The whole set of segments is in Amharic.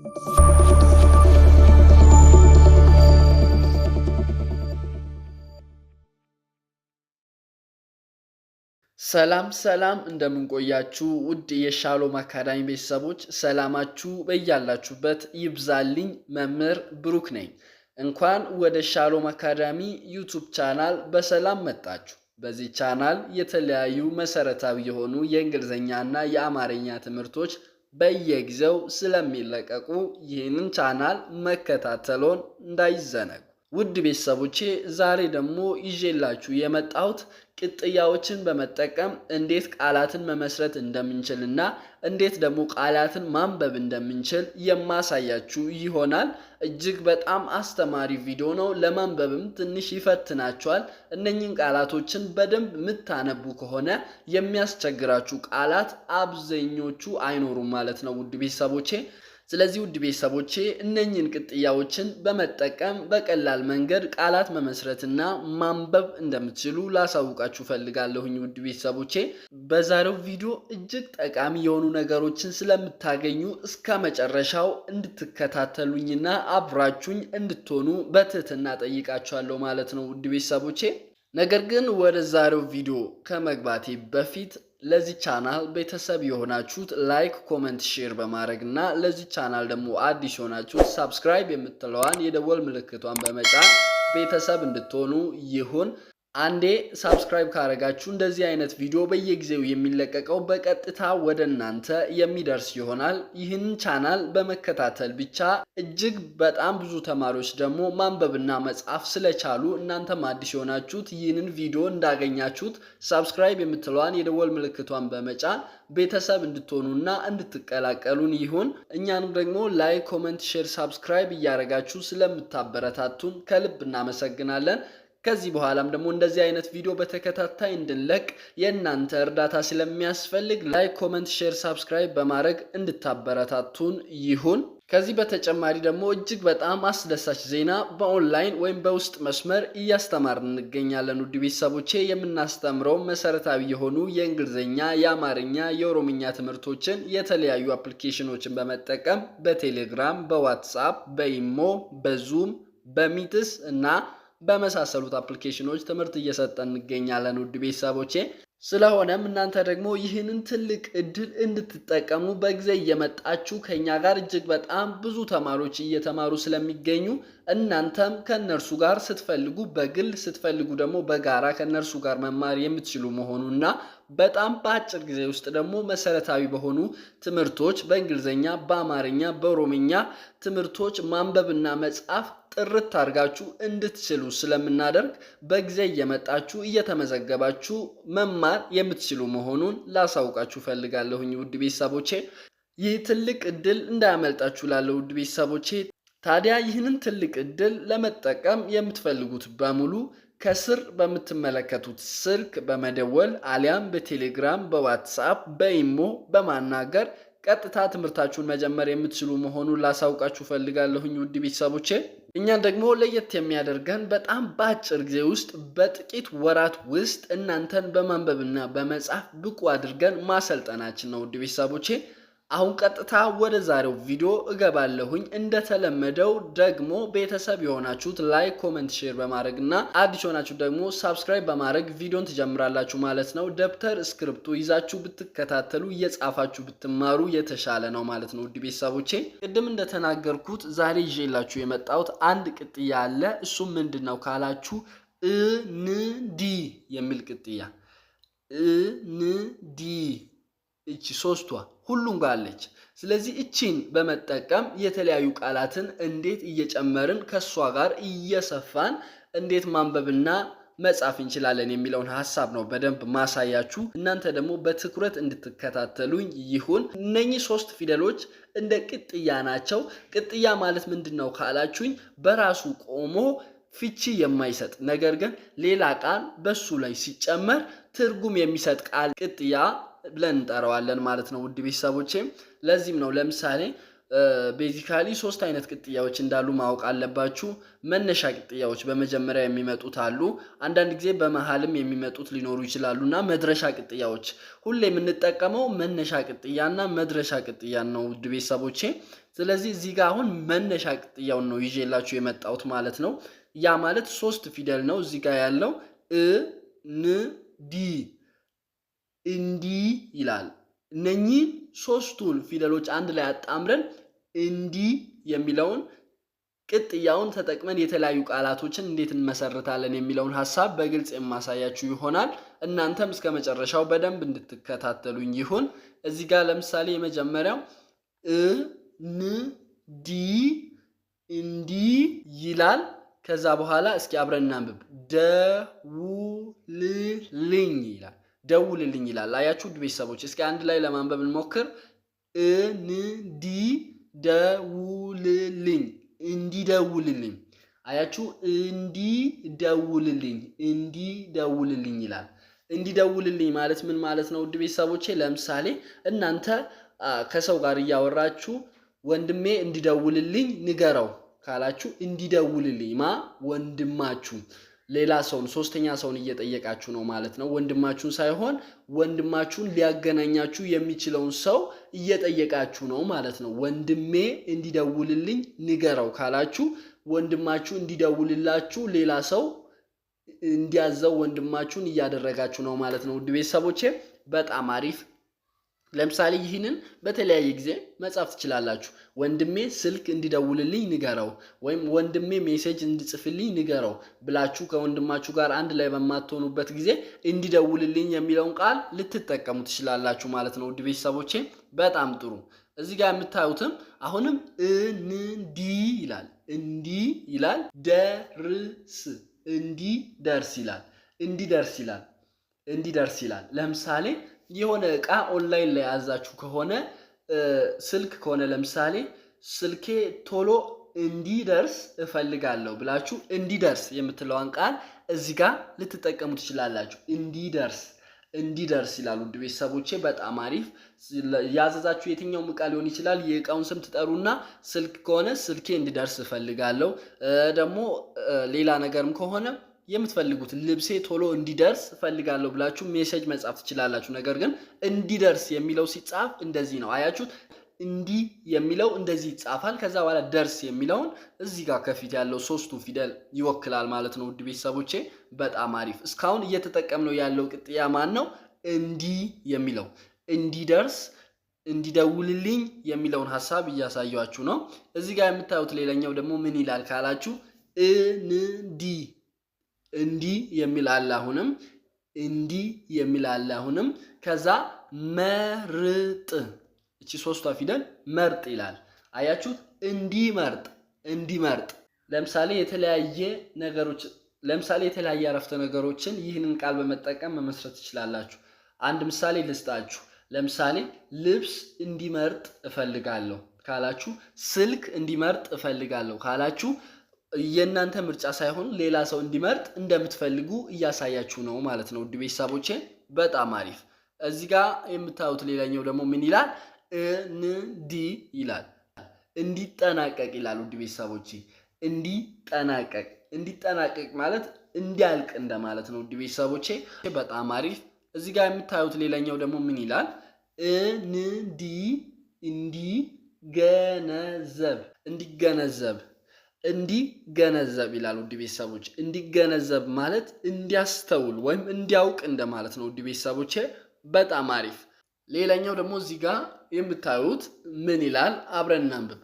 ሰላም ሰላም እንደምንቆያችሁ ውድ የሻሎም አካዳሚ ቤተሰቦች ሰላማችሁ በያላችሁበት ይብዛልኝ። መምህር ብሩክ ነኝ። እንኳን ወደ ሻሎም አካዳሚ ዩቱብ ቻናል በሰላም መጣችሁ። በዚህ ቻናል የተለያዩ መሰረታዊ የሆኑ የእንግሊዝኛና የአማርኛ ትምህርቶች በየጊዜው ስለሚለቀቁ ይህንን ቻናል መከታተሎን እንዳይዘነጉ። ውድ ቤተሰቦቼ ዛሬ ደግሞ ይዤላችሁ የመጣሁት ቅጥያዎችን በመጠቀም እንዴት ቃላትን መመስረት እንደምንችል እና እንዴት ደግሞ ቃላትን ማንበብ እንደምንችል የማሳያችሁ ይሆናል። እጅግ በጣም አስተማሪ ቪዲዮ ነው። ለማንበብም ትንሽ ይፈትናችኋል። እነኝን ቃላቶችን በደንብ የምታነቡ ከሆነ የሚያስቸግራችሁ ቃላት አብዛኞቹ አይኖሩም ማለት ነው ውድ ቤተሰቦቼ ስለዚህ ውድ ቤተሰቦቼ እነኝን ቅጥያዎችን በመጠቀም በቀላል መንገድ ቃላት መመስረትና ማንበብ እንደምትችሉ ላሳውቃችሁ ፈልጋለሁኝ። ውድ ቤተሰቦቼ በዛሬው ቪዲዮ እጅግ ጠቃሚ የሆኑ ነገሮችን ስለምታገኙ እስከ መጨረሻው እንድትከታተሉኝና አብራችሁኝ እንድትሆኑ በትህትና ጠይቃችኋለሁ ማለት ነው። ውድ ቤተሰቦቼ ነገር ግን ወደ ዛሬው ቪዲዮ ከመግባቴ በፊት ለዚህ ቻናል ቤተሰብ የሆናችሁት ላይክ፣ ኮመንት፣ ሼር በማድረግ እና ለዚህ ቻናል ደግሞ አዲስ የሆናችሁት ሳብስክራይብ የምትለዋን የደወል ምልክቷን በመጫን ቤተሰብ እንድትሆኑ ይሁን። አንዴ ሳብስክራይብ ካረጋችሁ እንደዚህ አይነት ቪዲዮ በየጊዜው የሚለቀቀው በቀጥታ ወደ እናንተ የሚደርስ ይሆናል። ይህን ቻናል በመከታተል ብቻ እጅግ በጣም ብዙ ተማሪዎች ደግሞ ማንበብና መጻፍ ስለቻሉ እናንተም አዲስ የሆናችሁት ይህንን ቪዲዮ እንዳገኛችሁት ሳብስክራይብ የምትለዋን የደወል ምልክቷን በመጫን ቤተሰብ እንድትሆኑና እንድትቀላቀሉን ይሁን። እኛንም ደግሞ ላይክ፣ ኮመንት፣ ሼር፣ ሳብስክራይብ እያረጋችሁ ስለምታበረታቱን ከልብ እናመሰግናለን። ከዚህ በኋላም ደግሞ እንደዚህ አይነት ቪዲዮ በተከታታይ እንድንለቅ የእናንተ እርዳታ ስለሚያስፈልግ ላይክ፣ ኮመንት፣ ሼር፣ ሳብስክራይብ በማድረግ እንድታበረታቱን ይሁን። ከዚህ በተጨማሪ ደግሞ እጅግ በጣም አስደሳች ዜና በኦንላይን ወይም በውስጥ መስመር እያስተማር እንገኛለን። ውድ ቤተሰቦቼ የምናስተምረው መሰረታዊ የሆኑ የእንግሊዝኛ፣ የአማርኛ፣ የኦሮምኛ ትምህርቶችን የተለያዩ አፕሊኬሽኖችን በመጠቀም በቴሌግራም፣ በዋትሳፕ፣ በኢሞ፣ በዙም፣ በሚትስ እና በመሳሰሉት አፕሊኬሽኖች ትምህርት እየሰጠ እንገኛለን ውድ ቤተሰቦቼ። ስለሆነም እናንተ ደግሞ ይህንን ትልቅ እድል እንድትጠቀሙ በጊዜ እየመጣችሁ ከኛ ጋር እጅግ በጣም ብዙ ተማሪዎች እየተማሩ ስለሚገኙ እናንተም ከእነርሱ ጋር ስትፈልጉ በግል ስትፈልጉ ደግሞ በጋራ ከእነርሱ ጋር መማር የምትችሉ መሆኑና በጣም በአጭር ጊዜ ውስጥ ደግሞ መሰረታዊ በሆኑ ትምህርቶች በእንግሊዝኛ፣ በአማርኛ፣ በኦሮምኛ ትምህርቶች ማንበብና መጻፍ ጥርት አድርጋችሁ እንድትችሉ ስለምናደርግ በጊዜ እየመጣችሁ እየተመዘገባችሁ መማር የምትችሉ መሆኑን ላሳውቃችሁ ፈልጋለሁኝ ውድ ቤተሰቦቼ። ይህ ትልቅ እድል እንዳያመልጣችሁ ላለው ውድ ቤተሰቦቼ። ታዲያ ይህንን ትልቅ እድል ለመጠቀም የምትፈልጉት በሙሉ ከስር በምትመለከቱት ስልክ በመደወል አሊያም በቴሌግራም፣ በዋትሳፕ፣ በኢሞ በማናገር ቀጥታ ትምህርታችሁን መጀመር የምትችሉ መሆኑን ላሳውቃችሁ ፈልጋለሁኝ ውድ ቤተሰቦቼ። እኛን ደግሞ ለየት የሚያደርገን በጣም በአጭር ጊዜ ውስጥ በጥቂት ወራት ውስጥ እናንተን በማንበብና በመጻፍ ብቁ አድርገን ማሰልጠናችን ነው ውድ ቤተሰቦቼ። አሁን ቀጥታ ወደ ዛሬው ቪዲዮ እገባለሁኝ። እንደተለመደው ደግሞ ቤተሰብ የሆናችሁት ላይክ፣ ኮመንት፣ ሼር በማድረግ እና አዲስ የሆናችሁ ደግሞ ሳብስክራይብ በማድረግ ቪዲዮን ትጀምራላችሁ ማለት ነው። ደብተር እስክሪብቶ ይዛችሁ ብትከታተሉ እየጻፋችሁ ብትማሩ የተሻለ ነው ማለት ነው። ውድ ቤተሰቦቼ ቅድም እንደተናገርኩት ዛሬ ይዤላችሁ የመጣሁት አንድ ቅጥያ አለ። እሱም ምንድን ነው ካላችሁ እንዲ የሚል ቅጥያ እንዲ እቺ ሶስቷ ሁሉም ጋር አለች። ስለዚህ እቺን በመጠቀም የተለያዩ ቃላትን እንዴት እየጨመርን ከእሷ ጋር እየሰፋን እንዴት ማንበብና መጻፍ እንችላለን የሚለውን ሀሳብ ነው በደንብ ማሳያችሁ። እናንተ ደግሞ በትኩረት እንድትከታተሉኝ ይሁን። እነኚህ ሶስት ፊደሎች እንደ ቅጥያ ናቸው። ቅጥያ ማለት ምንድን ነው ካላችሁኝ በራሱ ቆሞ ፍቺ የማይሰጥ ነገር ግን ሌላ ቃል በሱ ላይ ሲጨመር ትርጉም የሚሰጥ ቃል ቅጥያ ብለን እንጠራዋለን ማለት ነው። ውድ ቤተሰቦቼም ለዚህም ነው ለምሳሌ ቤዚካሊ ሶስት አይነት ቅጥያዎች እንዳሉ ማወቅ አለባችሁ። መነሻ ቅጥያዎች በመጀመሪያ የሚመጡት አሉ። አንዳንድ ጊዜ በመሀልም የሚመጡት ሊኖሩ ይችላሉ እና መድረሻ ቅጥያዎች ሁሌ የምንጠቀመው መነሻ ቅጥያና መድረሻ ቅጥያን ነው ውድ ቤተሰቦቼ። ስለዚህ እዚህ ጋር አሁን መነሻ ቅጥያውን ነው ይዤላችሁ የመጣሁት ማለት ነው። ያ ማለት ሶስት ፊደል ነው እዚህ ጋር ያለው እ ን ዲ እንዲ ይላል። እነኚህ ሶስቱን ፊደሎች አንድ ላይ አጣምረን እንዲ የሚለውን ቅጥያውን ተጠቅመን የተለያዩ ቃላቶችን እንዴት እንመሰርታለን የሚለውን ሀሳብ በግልጽ የማሳያችሁ ይሆናል። እናንተም እስከ መጨረሻው በደንብ እንድትከታተሉኝ ይሁን። እዚህ ጋር ለምሳሌ የመጀመሪያው እንዲ እንዲ ይላል። ከዛ በኋላ እስኪ አብረን እናንብብ። ደውልልኝ ይላል። ደውልልኝ ይላል። አያችሁ ውድ ቤተሰቦች፣ እስኪ አንድ ላይ ለማንበብ እንሞክር። እንዲ እንዲደውልልኝ አያችሁ እንዲደውልልኝ እንዲደውልልኝ ይላል። እንዲደውልልኝ ማለት ምን ማለት ነው? ውድ ቤተሰቦቼ ለምሳሌ እናንተ ከሰው ጋር እያወራችሁ ወንድሜ እንዲደውልልኝ ንገረው ካላችሁ እንዲደውልልኝ ማ ወንድማችሁ ሌላ ሰውን ሶስተኛ ሰውን እየጠየቃችሁ ነው ማለት ነው። ወንድማችሁን ሳይሆን ወንድማችሁን ሊያገናኛችሁ የሚችለውን ሰው እየጠየቃችሁ ነው ማለት ነው። ወንድሜ እንዲደውልልኝ ንገረው ካላችሁ ወንድማችሁ እንዲደውልላችሁ ሌላ ሰው እንዲያዘው ወንድማችሁን እያደረጋችሁ ነው ማለት ነው። ውድ ቤተሰቦቼ በጣም አሪፍ ለምሳሌ ይህንን በተለያየ ጊዜ መጻፍ ትችላላችሁ። ወንድሜ ስልክ እንዲደውልልኝ ንገረው፣ ወይም ወንድሜ ሜሴጅ እንዲጽፍልኝ ንገረው ብላችሁ ከወንድማችሁ ጋር አንድ ላይ በማትሆኑበት ጊዜ እንዲደውልልኝ የሚለውን ቃል ልትጠቀሙ ትችላላችሁ ማለት ነው። ውድ ቤተሰቦቼ በጣም ጥሩ። እዚህ ጋር የምታዩትም አሁንም እንዲ ይላል፣ እንዲ ይላል፣ ደርስ፣ ደርስ ይላል፣ ደርስ ይላል፣ ደርስ ይላል። ለምሳሌ የሆነ እቃ ኦንላይን ላይ ያዛችሁ ከሆነ ስልክ ከሆነ ለምሳሌ ስልኬ ቶሎ እንዲደርስ እፈልጋለሁ ብላችሁ እንዲደርስ የምትለዋን ቃል እዚህ ጋር ልትጠቀሙ ትችላላችሁ። እንዲደርስ እንዲደርስ ይላሉ። ውድ ቤተሰቦቼ በጣም አሪፍ። ያዘዛችሁ የትኛውም እቃ ሊሆን ይችላል። የእቃውን ስም ትጠሩና ስልክ ከሆነ ስልኬ እንዲደርስ እፈልጋለሁ፣ ደግሞ ሌላ ነገርም ከሆነ የምትፈልጉት ልብሴ ቶሎ እንዲደርስ እፈልጋለሁ ብላችሁ ሜሴጅ መጻፍ ትችላላችሁ። ነገር ግን እንዲደርስ የሚለው ሲጻፍ እንደዚህ ነው። አያችሁት? እንዲህ የሚለው እንደዚህ ይጻፋል። ከዛ በኋላ ደርስ የሚለውን እዚህ ጋር ከፊት ያለው ሶስቱ ፊደል ይወክላል ማለት ነው። ውድ ቤተሰቦቼ በጣም አሪፍ። እስካሁን እየተጠቀምነው ያለው ቅጥያ ማን ነው? እንዲህ የሚለው እንዲደርስ እንዲደውልልኝ የሚለውን ሀሳብ እያሳያችሁ ነው። እዚህ ጋር የምታዩት ሌላኛው ደግሞ ምን ይላል ካላችሁ እንዲ እንዲ የሚል አለ አሁንም እንዲ የሚል አለ አሁንም ከዛ መርጥ እቺ ሶስቷ ፊደል መርጥ ይላል አያችሁት እንዲመርጥ እንዲመርጥ ለምሳሌ የተለያየ ነገሮች ለምሳሌ የተለያየ አረፍተ ነገሮችን ይህንን ቃል በመጠቀም መመስረት ትችላላችሁ አንድ ምሳሌ ልስጣችሁ ለምሳሌ ልብስ እንዲመርጥ እፈልጋለሁ ካላችሁ ስልክ እንዲመርጥ እፈልጋለሁ ካላችሁ የእናንተ ምርጫ ሳይሆን ሌላ ሰው እንዲመርጥ እንደምትፈልጉ እያሳያችሁ ነው ማለት ነው። ውድ ቤተሰቦቼ በጣም አሪፍ። እዚህ ጋ የምታዩት ሌላኛው ደግሞ ምን ይላል? እንዲ ይላል እንዲጠናቀቅ ይላል። ውድ ቤተሰቦቼ እንዲጠናቀቅ፣ እንዲጠናቀቅ ማለት እንዲያልቅ እንደማለት ነው። ውድ ቤተሰቦቼ በጣም አሪፍ። እዚህ ጋ የምታዩት ሌላኛው ደግሞ ምን ይላል? እንዲ እንዲገነዘብ፣ እንዲገነዘብ እንዲገነዘብ ይላል። ውድ ቤተሰቦች እንዲገነዘብ ማለት እንዲያስተውል ወይም እንዲያውቅ እንደማለት ነው። ውድ ቤተሰቦቼ በጣም አሪፍ። ሌላኛው ደግሞ እዚህ ጋር የምታዩት ምን ይላል? አብረን እናንብብ።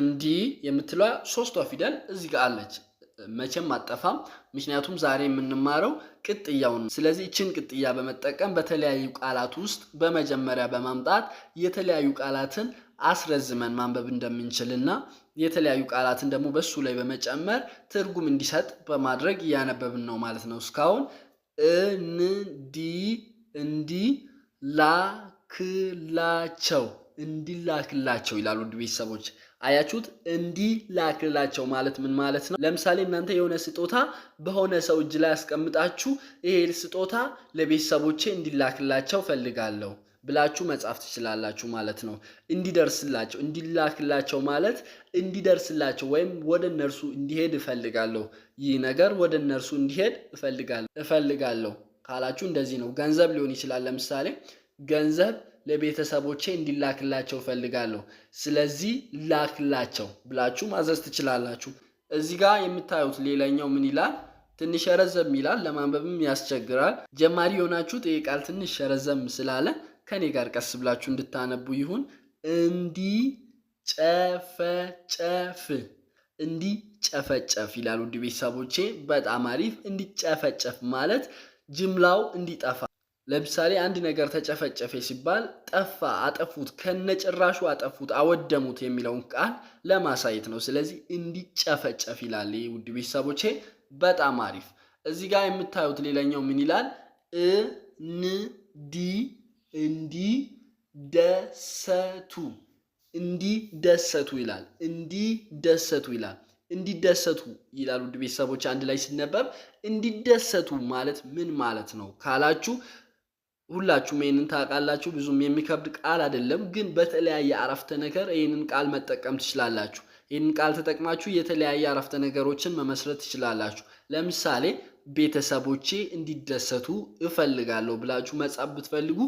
እንዲህ የምትለዋ ሶስቷ ፊደል እዚህ ጋር አለች። መቼም አጠፋም ምክንያቱም ዛሬ የምንማረው ቅጥያውን ነው። ስለዚህ ይችን ቅጥያ በመጠቀም በተለያዩ ቃላት ውስጥ በመጀመሪያ በማምጣት የተለያዩ ቃላትን አስረዝመን ማንበብ እንደምንችልና የተለያዩ ቃላትን ደግሞ በሱ ላይ በመጨመር ትርጉም እንዲሰጥ በማድረግ እያነበብን ነው ማለት ነው። እስካሁን እንዲ እንዲ ላክላቸው እንዲላክላቸው ይላሉ ቤተሰቦች። አያችሁት? እንዲላክላቸው ላክላቸው ማለት ምን ማለት ነው? ለምሳሌ እናንተ የሆነ ስጦታ በሆነ ሰው እጅ ላይ ያስቀምጣችሁ ይሄ ስጦታ ለቤተሰቦቼ እንዲላክላቸው ፈልጋለሁ ብላችሁ መጻፍ ትችላላችሁ ማለት ነው። እንዲደርስላቸው፣ እንዲላክላቸው ማለት እንዲደርስላቸው ወይም ወደ እነርሱ እንዲሄድ እፈልጋለሁ፣ ይህ ነገር ወደ እነርሱ እንዲሄድ እፈልጋለሁ ካላችሁ እንደዚህ ነው። ገንዘብ ሊሆን ይችላል። ለምሳሌ ገንዘብ ለቤተሰቦቼ እንዲላክላቸው ፈልጋለሁ ስለዚህ ላክላቸው ብላችሁ ማዘዝ ትችላላችሁ። እዚህ ጋር የምታዩት ሌላኛው ምን ይላል? ትንሽ ረዘም ይላል፣ ለማንበብም ያስቸግራል። ጀማሪ የሆናችሁት ይህ ቃል ትንሽ ረዘም ስላለ ከኔ ጋር ቀስ ብላችሁ እንድታነቡ ይሁን። እንዲጨፈጨፍ እንዲጨፈጨፍ ይላል። ውድ ቤተሰቦቼ በጣም አሪፍ። እንዲጨፈጨፍ ማለት ጅምላው እንዲጠፋ ለምሳሌ አንድ ነገር ተጨፈጨፈ ሲባል ጠፋ፣ አጠፉት፣ ከነጭራሹ አጠፉት፣ አወደሙት የሚለውን ቃል ለማሳየት ነው። ስለዚህ እንዲጨፈጨፍ ይላል። ውድ ቤተሰቦቼ በጣም አሪፍ። እዚህ ጋር የምታዩት ሌላኛው ምን ይላል? እንዲ እንዲደሰቱ እንዲደሰቱ ይላል። እንዲደሰቱ ይላል። እንዲደሰቱ ይላል። ውድ ቤተሰቦች አንድ ላይ ሲነበብ እንዲደሰቱ ማለት ምን ማለት ነው ካላችሁ ሁላችሁም ይህንን ታውቃላችሁ። ብዙም የሚከብድ ቃል አይደለም፣ ግን በተለያየ አረፍተ ነገር ይህንን ቃል መጠቀም ትችላላችሁ። ይህንን ቃል ተጠቅማችሁ የተለያየ አረፍተ ነገሮችን መመስረት ትችላላችሁ። ለምሳሌ ቤተሰቦቼ እንዲደሰቱ እፈልጋለሁ ብላችሁ መጻፍ ብትፈልጉ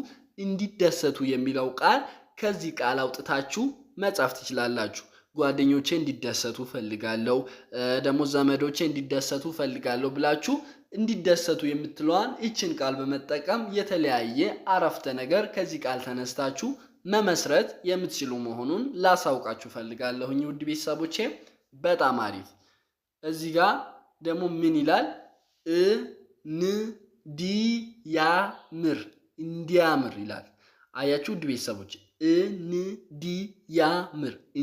እንዲደሰቱ የሚለው ቃል ከዚህ ቃል አውጥታችሁ መጻፍ ትችላላችሁ። ጓደኞቼ እንዲደሰቱ እፈልጋለሁ፣ ደግሞ ዘመዶቼ እንዲደሰቱ እፈልጋለሁ ብላችሁ እንዲደሰቱ የምትለዋን ይችን ቃል በመጠቀም የተለያየ አረፍተ ነገር ከዚህ ቃል ተነስታችሁ መመስረት የምትችሉ መሆኑን ላሳውቃችሁ ፈልጋለሁኝ። ውድ ቤተሰቦቼ በጣም አሪፍ። እዚህ ጋር ደግሞ ምን ይላል? እንዲያምር እንዲያምር ይላል። አያችሁ ውድ ቤተሰቦች፣ ምር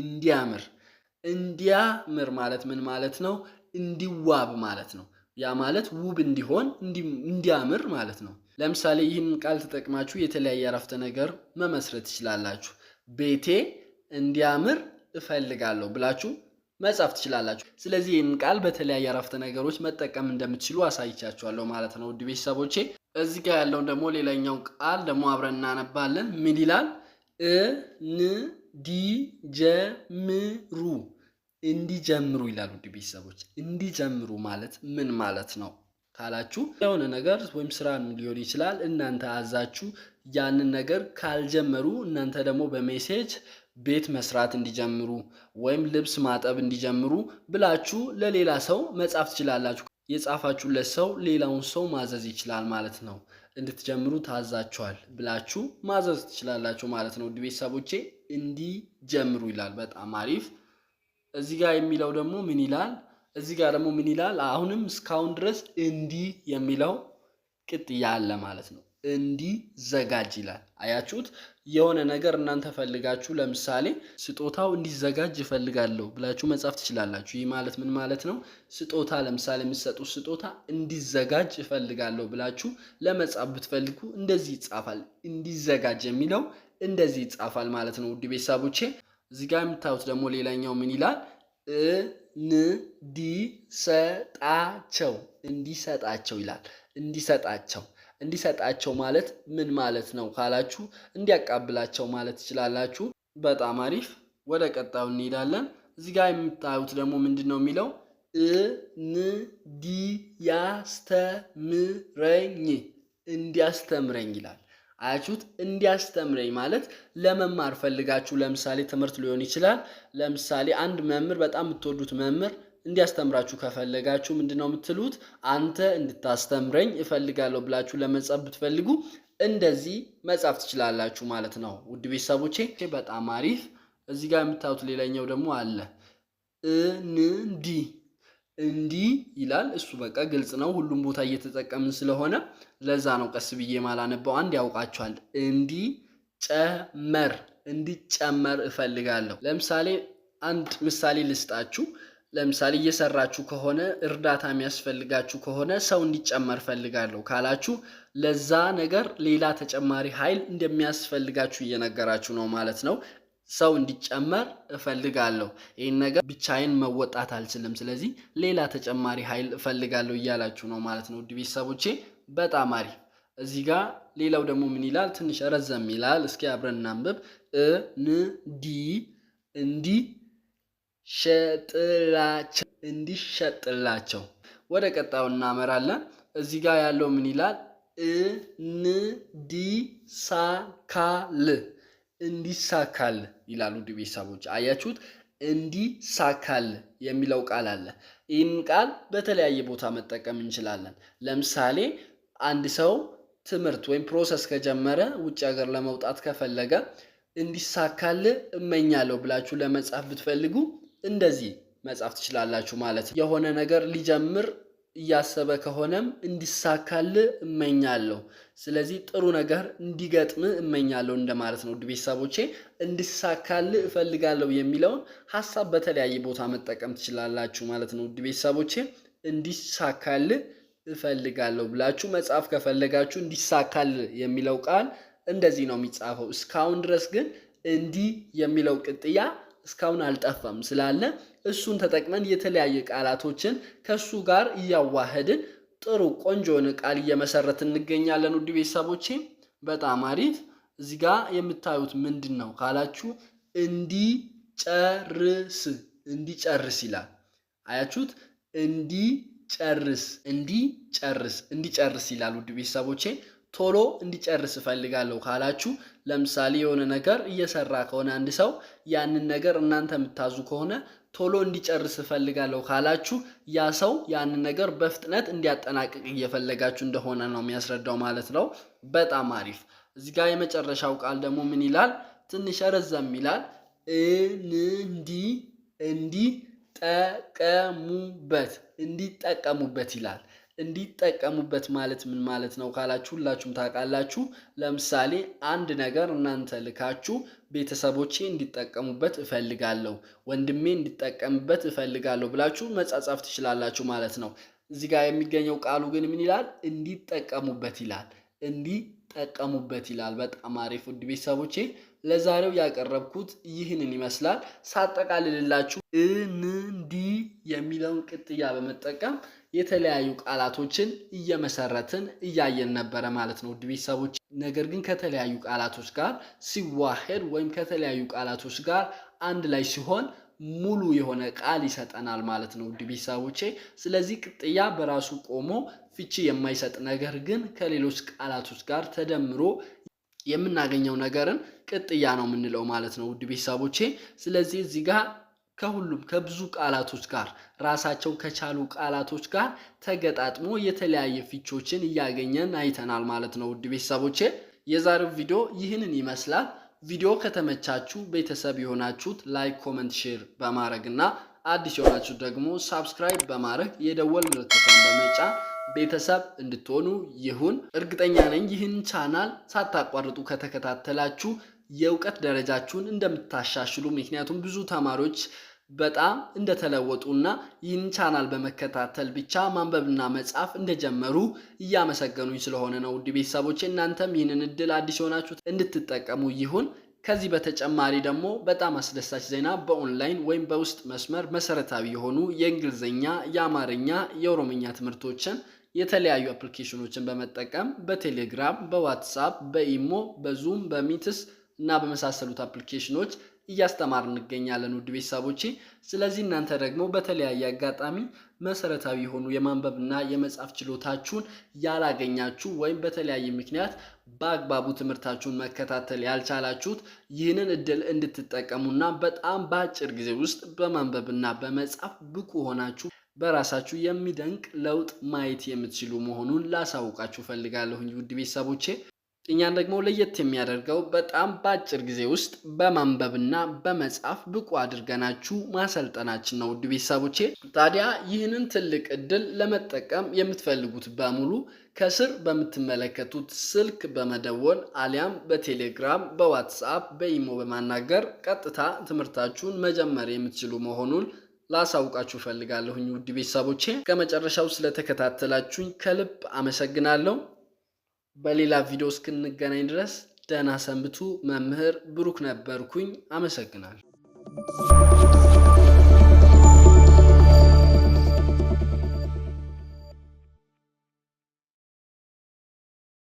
እንዲያምር እንዲያምር ማለት ምን ማለት ነው? እንዲዋብ ማለት ነው። ያ ማለት ውብ እንዲሆን እንዲያምር ማለት ነው። ለምሳሌ ይህን ቃል ተጠቅማችሁ የተለያየ አረፍተ ነገር መመስረት ትችላላችሁ። ቤቴ እንዲያምር እፈልጋለሁ ብላችሁ መጻፍ ትችላላችሁ። ስለዚህ ይህን ቃል በተለያየ አረፍተ ነገሮች መጠቀም እንደምትችሉ አሳይቻችኋለሁ ማለት ነው ውድ ቤተሰቦቼ። እዚህ ጋር ያለውን ደግሞ ሌላኛው ቃል ደግሞ አብረን እናነባለን። ምን ይላል? እንዲጀምሩ እንዲጀምሩ ይላሉ። ውድ ቤተሰቦች እንዲጀምሩ ማለት ምን ማለት ነው ካላችሁ የሆነ ነገር ወይም ስራን ሊሆን ይችላል። እናንተ አዛችሁ ያንን ነገር ካልጀመሩ እናንተ ደግሞ በሜሴጅ ቤት መስራት እንዲጀምሩ ወይም ልብስ ማጠብ እንዲጀምሩ ብላችሁ ለሌላ ሰው መጻፍ ትችላላችሁ። የጻፋችሁለት ሰው ሌላውን ሰው ማዘዝ ይችላል ማለት ነው። እንድትጀምሩ ታዛችኋል ብላችሁ ማዘዝ ትችላላችሁ ማለት ነው። ውድ ቤተሰቦቼ እንዲጀምሩ ይላል። በጣም አሪፍ እዚህ ጋር የሚለው ደግሞ ምን ይላል? እዚህ ጋር ደግሞ ምን ይላል? አሁንም እስካሁን ድረስ እንዲህ የሚለው ቅጥያ አለ ማለት ነው። እንዲዘጋጅ ይላል። አያችሁት? የሆነ ነገር እናንተ ፈልጋችሁ ለምሳሌ ስጦታው እንዲዘጋጅ እፈልጋለሁ ብላችሁ መጻፍ ትችላላችሁ። ይህ ማለት ምን ማለት ነው? ስጦታ ለምሳሌ የምትሰጡት ስጦታ እንዲዘጋጅ እፈልጋለሁ ብላችሁ ለመጻፍ ብትፈልጉ እንደዚህ ይጻፋል። እንዲዘጋጅ የሚለው እንደዚህ ይጻፋል ማለት ነው። ውድ ቤተሰቦቼ እዚህ ጋር የምታዩት ደግሞ ሌላኛው ምን ይላል? እንዲሰጣቸው እንዲሰጣቸው ይላል። እንዲሰጣቸው እንዲሰጣቸው ማለት ምን ማለት ነው ካላችሁ እንዲያቃብላቸው ማለት ትችላላችሁ። በጣም አሪፍ። ወደ ቀጣዩ እንሄዳለን። እዚህ ጋር የምታዩት ደግሞ ምንድን ነው የሚለው እንዲያስተምረኝ እንዲያስተምረኝ ይላል። አያችሁት? እንዲያስተምረኝ ማለት ለመማር ፈልጋችሁ ለምሳሌ ትምህርት ሊሆን ይችላል። ለምሳሌ አንድ መምህር በጣም የምትወዱት መምህር እንዲያስተምራችሁ ከፈለጋችሁ ምንድን ነው የምትሉት? አንተ እንድታስተምረኝ እፈልጋለሁ ብላችሁ ለመጻፍ ብትፈልጉ እንደዚህ መጻፍ ትችላላችሁ ማለት ነው። ውድ ቤተሰቦቼ በጣም አሪፍ። እዚህ ጋር የምታዩት ሌላኛው ደግሞ አለ እንዲ እንዲህ ይላል። እሱ በቃ ግልጽ ነው፣ ሁሉም ቦታ እየተጠቀምን ስለሆነ ለዛ ነው ቀስ ብዬ ማላነበው። አንድ ያውቃቸዋል። እንዲጨመር እንዲጨመር እፈልጋለሁ። ለምሳሌ አንድ ምሳሌ ልስጣችሁ። ለምሳሌ እየሰራችሁ ከሆነ እርዳታ የሚያስፈልጋችሁ ከሆነ ሰው እንዲጨመር እፈልጋለሁ ካላችሁ ለዛ ነገር ሌላ ተጨማሪ ኃይል እንደሚያስፈልጋችሁ እየነገራችሁ ነው ማለት ነው። ሰው እንዲጨመር እፈልጋለሁ። ይህን ነገር ብቻዬን መወጣት አልችልም፣ ስለዚህ ሌላ ተጨማሪ ኃይል እፈልጋለሁ እያላችሁ ነው ማለት ነው ውድ ቤተሰቦቼ። በጣም አሪፍ። እዚህ ጋር ሌላው ደግሞ ምን ይላል? ትንሽ ረዘም ይላል። እስኪ አብረን እናንብብ። እንዲ እንዲ ሸጥላቸው እንዲሸጥላቸው። ወደ ቀጣዩ እናመራለን። እዚህ ጋር ያለው ምን ይላል? እንዲሳካል እንዲሳካል ይላሉ ውድ ቤተሰቦች አያችሁት። እንዲሳካል የሚለው ቃል አለ። ይህን ቃል በተለያየ ቦታ መጠቀም እንችላለን። ለምሳሌ አንድ ሰው ትምህርት ወይም ፕሮሰስ ከጀመረ ውጭ ሀገር ለመውጣት ከፈለገ እንዲሳካል እመኛለሁ ብላችሁ ለመጻፍ ብትፈልጉ እንደዚህ መጻፍ ትችላላችሁ ማለት ነው። የሆነ ነገር ሊጀምር እያሰበ ከሆነም እንዲሳካል እመኛለሁ። ስለዚህ ጥሩ ነገር እንዲገጥም እመኛለሁ እንደማለት ነው። ውድ ቤተሰቦቼ እንዲሳካል እፈልጋለሁ የሚለውን ሀሳብ በተለያየ ቦታ መጠቀም ትችላላችሁ ማለት ነው። ውድ ቤተሰቦቼ እንዲሳካል እፈልጋለሁ ብላችሁ መጽሐፍ ከፈለጋችሁ እንዲሳካል የሚለው ቃል እንደዚህ ነው የሚጻፈው። እስካሁን ድረስ ግን እንዲህ የሚለው ቅጥያ እስካሁን አልጠፋም ስላለ እሱን ተጠቅመን የተለያየ ቃላቶችን ከእሱ ጋር እያዋህድን ጥሩ ቆንጆ የሆነ ቃል እየመሰረት እንገኛለን። ውድ ቤተሰቦቼ በጣም አሪፍ። እዚህ ጋር የምታዩት ምንድን ነው ካላችሁ እንዲጨርስ እንዲጨርስ ይላል። አያችሁት? እንዲጨርስ እንዲጨርስ እንዲጨርስ ይላል። ውድ ቤተሰቦቼ ቶሎ እንዲጨርስ እፈልጋለሁ ካላችሁ፣ ለምሳሌ የሆነ ነገር እየሰራ ከሆነ አንድ ሰው ያንን ነገር እናንተ የምታዙ ከሆነ ቶሎ እንዲጨርስ እፈልጋለሁ ካላችሁ ያ ሰው ያንን ነገር በፍጥነት እንዲያጠናቅቅ እየፈለጋችሁ እንደሆነ ነው የሚያስረዳው ማለት ነው። በጣም አሪፍ። እዚህ ጋር የመጨረሻው ቃል ደግሞ ምን ይላል? ትንሽ ረዘም ይላል። እንዲ እንዲጠቀሙበት እንዲጠቀሙበት ይላል። እንዲጠቀሙበት ማለት ምን ማለት ነው ካላችሁ ሁላችሁም ታውቃላችሁ። ለምሳሌ አንድ ነገር እናንተ ልካችሁ ቤተሰቦቼ እንዲጠቀሙበት እፈልጋለሁ፣ ወንድሜ እንዲጠቀምበት እፈልጋለሁ ብላችሁ መጻጻፍ ትችላላችሁ ማለት ነው። እዚህ ጋር የሚገኘው ቃሉ ግን ምን ይላል? እንዲጠቀሙበት ይላል። እንዲጠቀሙበት ይላል። በጣም አሪፍ ውድ ቤተሰቦቼ ለዛሬው ያቀረብኩት ይህንን ይመስላል። ሳጠቃልልላችሁ እንዲ የሚለውን ቅጥያ በመጠቀም የተለያዩ ቃላቶችን እየመሰረትን እያየን ነበረ ማለት ነው ውድ ቤተሰቦች። ነገር ግን ከተለያዩ ቃላቶች ጋር ሲዋሄድ ወይም ከተለያዩ ቃላቶች ጋር አንድ ላይ ሲሆን ሙሉ የሆነ ቃል ይሰጠናል ማለት ነው ውድ ቤተሰቦቼ። ስለዚህ ቅጥያ በራሱ ቆሞ ፍቺ የማይሰጥ ነገር ግን ከሌሎች ቃላቶች ጋር ተደምሮ የምናገኘው ነገርን ቅጥያ ነው የምንለው ማለት ነው ውድ ቤተሰቦቼ። ስለዚህ እዚህ ጋር ከሁሉም ከብዙ ቃላቶች ጋር ራሳቸው ከቻሉ ቃላቶች ጋር ተገጣጥሞ የተለያየ ፍቾችን እያገኘን አይተናል ማለት ነው። ውድ ቤተሰቦቼ የዛሬው ቪዲዮ ይህንን ይመስላል። ቪዲዮ ከተመቻችሁ ቤተሰብ የሆናችሁት ላይክ፣ ኮመንት፣ ሼር በማድረግ እና አዲስ የሆናችሁት ደግሞ ሳብስክራይብ በማድረግ የደወል ምልክቷን በመጫ ቤተሰብ እንድትሆኑ ይሁን። እርግጠኛ ነኝ ይህን ቻናል ሳታቋርጡ ከተከታተላችሁ የእውቀት ደረጃችሁን እንደምታሻሽሉ ምክንያቱም ብዙ ተማሪዎች በጣም እንደተለወጡና ይህን ቻናል በመከታተል ብቻ ማንበብና መጻፍ እንደጀመሩ እያመሰገኑኝ ስለሆነ ነው። ውድ ቤተሰቦች እናንተም ይህንን እድል አዲስ የሆናችሁ እንድትጠቀሙ ይሁን። ከዚህ በተጨማሪ ደግሞ በጣም አስደሳች ዜና በኦንላይን ወይም በውስጥ መስመር መሰረታዊ የሆኑ የእንግሊዝኛ፣ የአማርኛ፣ የኦሮምኛ ትምህርቶችን የተለያዩ አፕሊኬሽኖችን በመጠቀም በቴሌግራም፣ በዋትሳፕ፣ በኢሞ፣ በዙም፣ በሚትስ እና በመሳሰሉት አፕሊኬሽኖች እያስተማር እንገኛለን ውድ ቤተሰቦቼ። ስለዚህ እናንተ ደግሞ በተለያየ አጋጣሚ መሰረታዊ የሆኑ የማንበብና የመጻፍ ችሎታችሁን ያላገኛችሁ ወይም በተለያየ ምክንያት በአግባቡ ትምህርታችሁን መከታተል ያልቻላችሁት ይህንን እድል እንድትጠቀሙና በጣም በአጭር ጊዜ ውስጥ በማንበብና በመጻፍ ብቁ ሆናችሁ በራሳችሁ የሚደንቅ ለውጥ ማየት የምትችሉ መሆኑን ላሳውቃችሁ ፈልጋለሁኝ ውድ ቤተሰቦቼ። እኛን ደግሞ ለየት የሚያደርገው በጣም በአጭር ጊዜ ውስጥ በማንበብና በመጻፍ ብቁ አድርገናችሁ ማሰልጠናችን ነው። ውድ ቤተሰቦቼ ታዲያ ይህንን ትልቅ እድል ለመጠቀም የምትፈልጉት በሙሉ ከስር በምትመለከቱት ስልክ በመደወል አሊያም በቴሌግራም፣ በዋትስአፕ፣ በኢሞ በማናገር ቀጥታ ትምህርታችሁን መጀመር የምትችሉ መሆኑን ላሳውቃችሁ እፈልጋለሁኝ። ውድ ቤተሰቦቼ ከመጨረሻው ስለተከታተላችሁኝ ከልብ አመሰግናለሁ። በሌላ ቪዲዮ እስክንገናኝ ድረስ ደህና ሰንብቱ። መምህር ብሩክ ነበርኩኝ። አመሰግናለሁ።